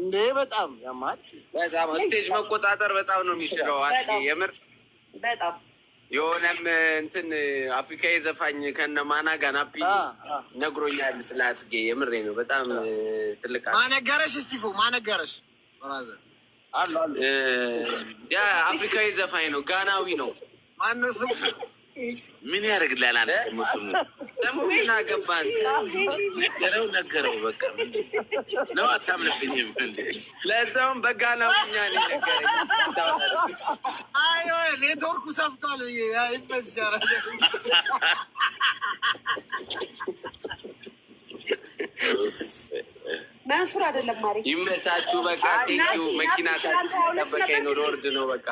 እንዴ በጣም ያማል። በጣም ስቴጅ መቆጣጠር በጣም ነው የሚችለው። አ የምር በጣም የሆነም እንትን አፍሪካዊ ዘፋኝ ከነ ማና ጋናፒ ነግሮኛል ስለ አስጌ። የምሬ ነው። በጣም ትልቅ ማነገረሽ እስቲፎ ማነገረሽ አሉ ያ አፍሪካዊ ዘፋኝ ነው፣ ጋናዊ ነው። ማነው ስሙ? ምን ያደርግላል? አለ ሙስሙ ደግሞ ምን አገባን? ነገረው ነገረው በቃ ነው። አታምንብኝም? ለዛውም በጋ ነው። እኛ ኔትወርኩ ሰፍቷል። መንሱር አይደለም ማሪ ይመታችሁ። በቃ መኪና ታ ታጠበቀኝ ነው። ልወርድ ነው በቃ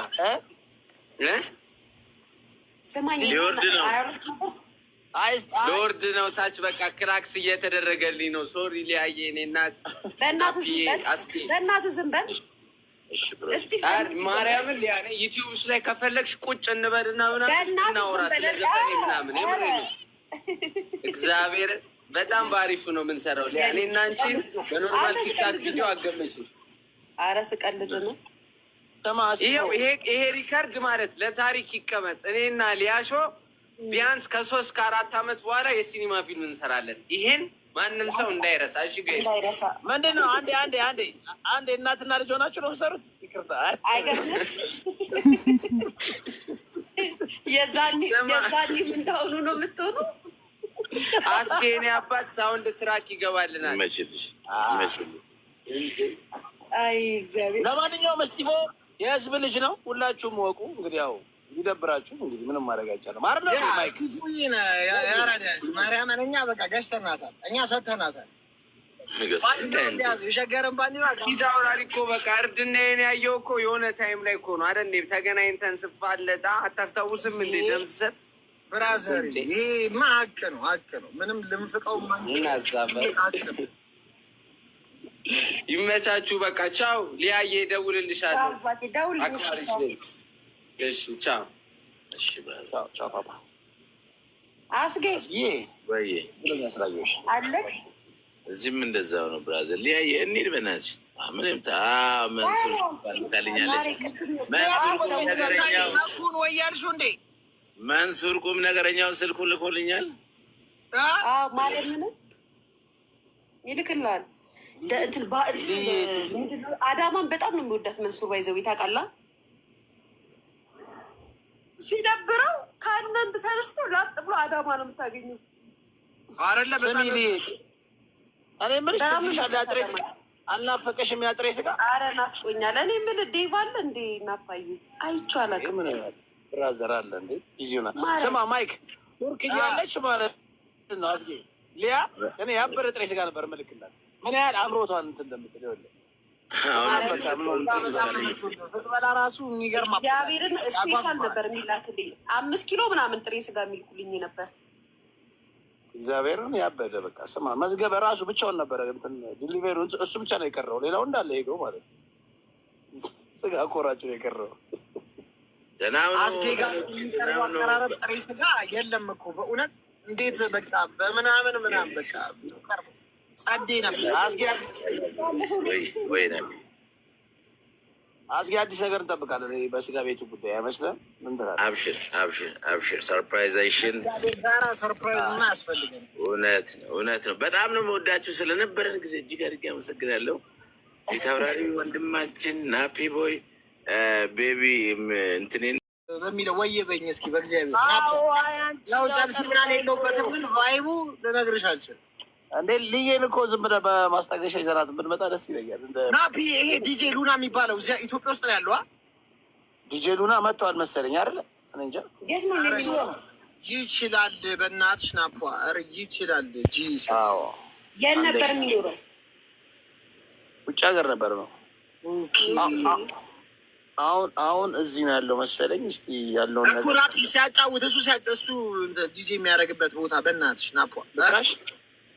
ሎርድ ነው ታች በቃ ክራክስ እየተደረገልኝ ነው። ሶሪ ሊያየ እኔ እናት በእናትህ ዝንበል በል ማርያምን። ሊያ ዩቲዩብስ ላይ ከፈለግሽ ቁጭ እንበል ና ስለዘፈኔ እግዚአብሔር በጣም በአሪፉ ነው የምንሰራው። ሊያ እኔ እና አንቺን በኖርማል ቲክታክ ቪዲዮ አገመች አረ ስቀልድ ነው ይሄ ሪከርድ ማለት ለታሪክ ይቀመጥ። እኔና ሊያሾ ቢያንስ ከሶስት ከአራት ዓመት በኋላ የሲኒማ ፊልም እንሰራለን። ይሄን ማንም ሰው እንዳይረሳ። እሺ ጋይ ምንድን ነው? አንዴ አንዴ አንዴ አንዴ እናትና ልጅ ሆናችሁ ነው የምትሰሩት? ይቅርታ አይገርም። የዛኒ የዛኒ ምን ነው የምትሆኑ? አስጌ የእኔ አባት ሳውንድ ትራክ ይገባልናል። መችልሽ መችል። አይ እግዚአብሔር። ለማንኛውም እስቲ የህዝብ ልጅ ነው። ሁላችሁም ወቁ። እንግዲህ ያው ይደብራችሁ እንግዲህ ምንም ማድረግ አይቻልም። ማርያምን እኛ በቃ ገዝተናታል፣ እኛ ሰተናታል። የሸገርን ባንዲራ ዛውራል በቃ እርድናዬን ያየው እኮ የሆነ ታይም ላይ እኮ ነው አይደል? ተገናኝተን ስፋለጣ አታስታውስም እንዴ? ደምሰት ብራዘር፣ ይሄማ ሀቅ ነው ሀቅ ነው። ምንም ልንፍቀው ማ ይመቻችሁ። በቃ ቻው። ሊያየ እደውልልሻለሁ። አክባሪሽ እሺ ቻው። አስጌ እዚህም እንደዛው ነው። ብራዘር ሊያየ እንሂድ በናች ምንም መንሱር እንዴ መንሱር ቁም ነገረኛውን ስልኩን ልኮልኛል ማለት ምንም ይልክልሃል ለእንትን አዳማን በጣም ነው የሚወዳት። መንሱር ባይዘው ይታቃላ ሲደብረው ከአንዳንድ ተነስቶ ላጥ ብሎ አዳማ ነው የምታገኘው። አረለ በጣም እኔ የምልሽ አልናፈቀሽም? ያጥሬ ስጋ አረ ናፍቆኛል። እኔ የምልህ ዴቭ አለ እንዴ? ናፋዬ አይቼው አላውቅም። ብራዘር አለ እንዴ? ቢዚና ስማ፣ ማይክ ቱርክ እያለች ማለት ነው። አስጌ ሊያ እኔ ያበረ ጥሬ ስጋ ነበር ምልክላት ምን ያህል አምሮቷን እንትን እንደምትል ይኸውልህ ስትበላ ራሱ የሚገርም እግዚአብሔርን ስፔሻል ነበር የሚላክልኝ አምስት ኪሎ ምናምን ጥሬ ስጋ የሚልኩልኝ ነበር። እግዚአብሔርን ያበደ በቃ ስማ መዝገበ ራሱ ብቻውን ነበረ እንትን ዲሊቨሪ እሱ ብቻ ነው የቀረው፣ ሌላው እንዳለ ሄደው ማለት ነው። ስጋ ቆራጭ ነው የቀረው። አስጌ ጋር የሚቀረው አቀራረብ ጥሬ ስጋ የለም እኮ በእውነት እንዴት በቃ በምናምን ምናምን በቃ ጸዴ ነበር። አስጌ አዲስ ነገር እንጠብቃለን። በስጋ ቤቱ ጉዳይ አይመስልም? ምን ትላለህ? አብሽር አብሽር አብሽር። ሰርፕራይዝ ጋራ ሰርፕራይዝ ማ ያስፈልገን። እውነት ነው እውነት ነው። በጣም ነው መወዳችሁ። ስለነበረን ጊዜ እጅግ አድርጌ አመሰግናለሁ። ተብራሪ ወንድማችን ናፒ ቦይ ቤቢ እንትኔን በሚለው ወየ በኝ እስኪ በእግዚአብሔር ያው ጨብሲና ሌለውበትም ግን ቫይቡ ልነግርሽ አልችልም። እንዴ ልዬን እኮ ዝም ብለህ በማስታገሻ ይዘናት ብንመጣ ደስ ይለኛል። ናፒ ይሄ ዲጄ ሉና የሚባለው እዚያ ኢትዮጵያ ውስጥ ነው ያለዋ። ዲጄ ሉና መጥተዋል መሰለኝ አይደለ? እንጃ ይችላል። በእናትሽ ናፓ ር ይችላል። ጂሰስ የት ነበር የሚኖረው? ውጭ ሀገር ነበር ነው። አሁን አሁን እዚህ ነው ያለው መሰለኝ። እስኪ ያለውን ነገር ሲያጫውት እሱ ሲያጨሱ ዲጄ የሚያደርግበት ቦታ በእናትሽ ናፓ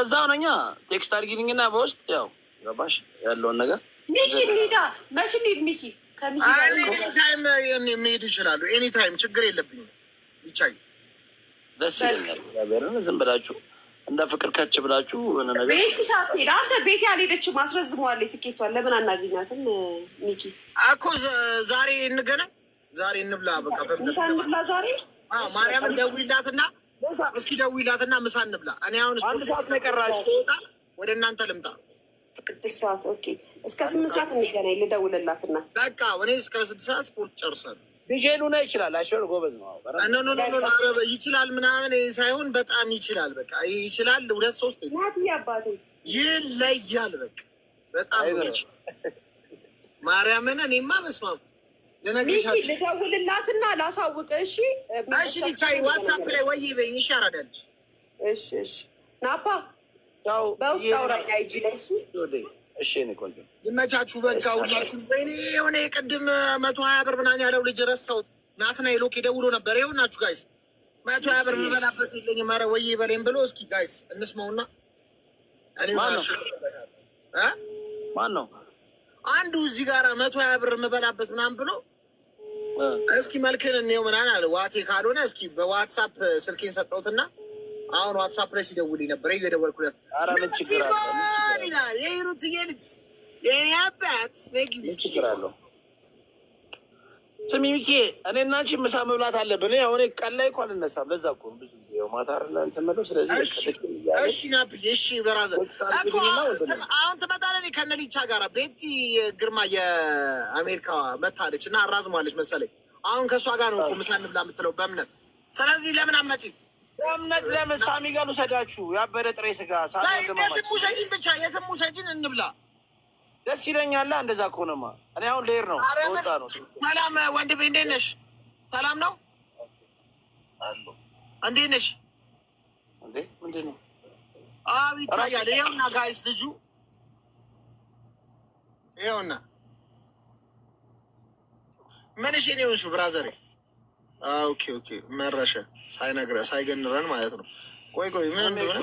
እዛው ነኛ ቴክስት አድርጊልኝና በውስጥ ያው ገባሽ ያለውን ነገር ሚኪ ሚዳ መች እንሂድ ሚኪ ከሚኒታይም መሄድ ይችላሉ። ኤኒ ችግር የለብኝም። ይቻይ ደስ ይለኛል። ዝም ብላችሁ እንደ ፍቅር ከች ብላችሁ ሆነ ነገር ቤት ሳትሄድ አንተ ቤት ያልሄደችው ማስረዝመዋል ትኬቷን ለምን አናገኛትም? ሚኪ እኮ ዛሬ እንገናኝ፣ ዛሬ እንብላ፣ በቃ እንብላ ዛሬ ማርያምን ደውይላትና እስኪ ደውይላትና ምሳ እንብላ። እኔ አሁን አንድ ሰዓት ነው የቀራሽ። ወደ እናንተ ልምጣ። ስድስት ሰዓት ኦኬ። እስከ ስምንት ሰዓት እንገናኝ። ልደውልላትና በቃ እኔ እስከ ስድስት ሰዓት ስፖርት ጨርሳለሁ። ቢዤሉና ይችላል። አሸር ጎበዝ ነው። ኖኖኖኖ ይችላል ምናምን ሳይሆን በጣም ይችላል። በቃ ይችላል። ሁለት ሶስት ይለያል። በቃ በጣም ማርያምን እኔማ መስማም ልደውልላትና ላሳውቅ። እሺ እሺ። ልቻይ ዋትሳፕ ላይ ወይ በይኝ ይሻራዳልች። እሺ እሺ። ናፓ በውስጥ አውራኛ ይጂ ላይ እሺ። እኔ ቆንጆ ይመቻችሁ። በቃ ሁላችሁ ወይኔ የሆነ የቅድም መቶ ሀያ ብር ምናምን ያለው ልጅ ረሳሁት። ናትና የሎኬ ደውሎ ነበር። ይኸውናችሁ ጋይስ መቶ ሀያ ብር የምበላበት የለኝም። ኧረ ወይ በሌም ብሎ እስኪ ጋይስ እንስማውና ማን ነው አንዱ እዚህ ጋር መቶ ሀያ ብር የምበላበት ምናምን ብሎ እስኪ መልክን እኔው ምናን አለ ዋቴ ካልሆነ እስኪ በዋትሳፕ ስልኬን ሰጠሁትና አሁን ዋትሳፕ ላይ ሲደውልኝ ነበር የደወልኩለት ይላል የሂሩትዬ ልጅ የኔ አባት ነግ ይችላል ስሚ ሚኪ፣ እኔ እና አንቺ ምሳ መብላት አለብን። ያው እኔ ቀን ላይ እኮ አልነሳም። ለዛ እኮ ብዙ ጊዜ ያው ማታ አይደለ እንትን ስለዚህ እሺ ናብዬ፣ እሺ በራዘር አሁን ትመጣለህ። እኔ ከእነ ጋር ቤቲ ግርማ የአሜሪካ መታለች እና አራዝሟለች መሰለኝ። አሁን ከእሷ ጋር ነው እኮ ምሳ እንብላ የምትለው በእምነት። ስለዚህ ለምን አመጪ በእምነት ለምን ሳሚ ጋር ውሰዳችሁ ያበደ ጥሬ ስጋ ሳ ውሰጂን ብቻ የትም ውሰጂን እንብላ ደስ ይለኛላ። እንደዛ ከሆነማ እኔ አሁን ልሄድ ነው። ወጣ ነው። ሰላም ወንድሜ፣ እንዴት ነሽ? ሰላም ነው። እንዴት ነሽ? ምንድን ነው? አዎ ይታያል። ይኸውና ጋይስ ልጁ ይኸውና ምንሽ እኔ ሆንሽ ብራዘሬ። ኦኬ ኦኬ፣ መረሸ ሳይነግረን ሳይገንረን ማለት ነው። ቆይ ቆይ ምን እንደሆነ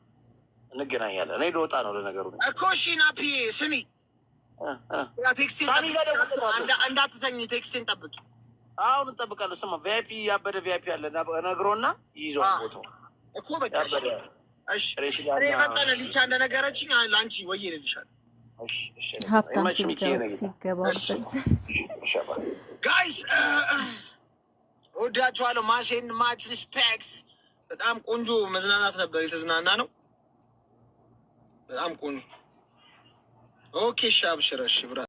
እንገናኛለን። እኔ ልወጣ ነው ለነገሩ እኮ እሺ። ናፒ ስሚ፣ እንዳትተኝ ቴክስቴን ጠብቅ። አሁን እንጠብቃለሁ። ስማ፣ ቪይፒ ያበደ ቪይፒ አለ ነግሮና ይይዘዋል ቦታው እኮ በቃ። ሊቻ እንደነገረችኝ ለአንቺ ወይ ልልሻል ጋይስ ወዳችኋለሁ። ማሴን ማች ሪስፔክት። በጣም ቆንጆ መዝናናት ነበር፣ የተዝናና ነው። በጣም ቆንጆ ኦኬ። እሺ አብሽረሽ ብራ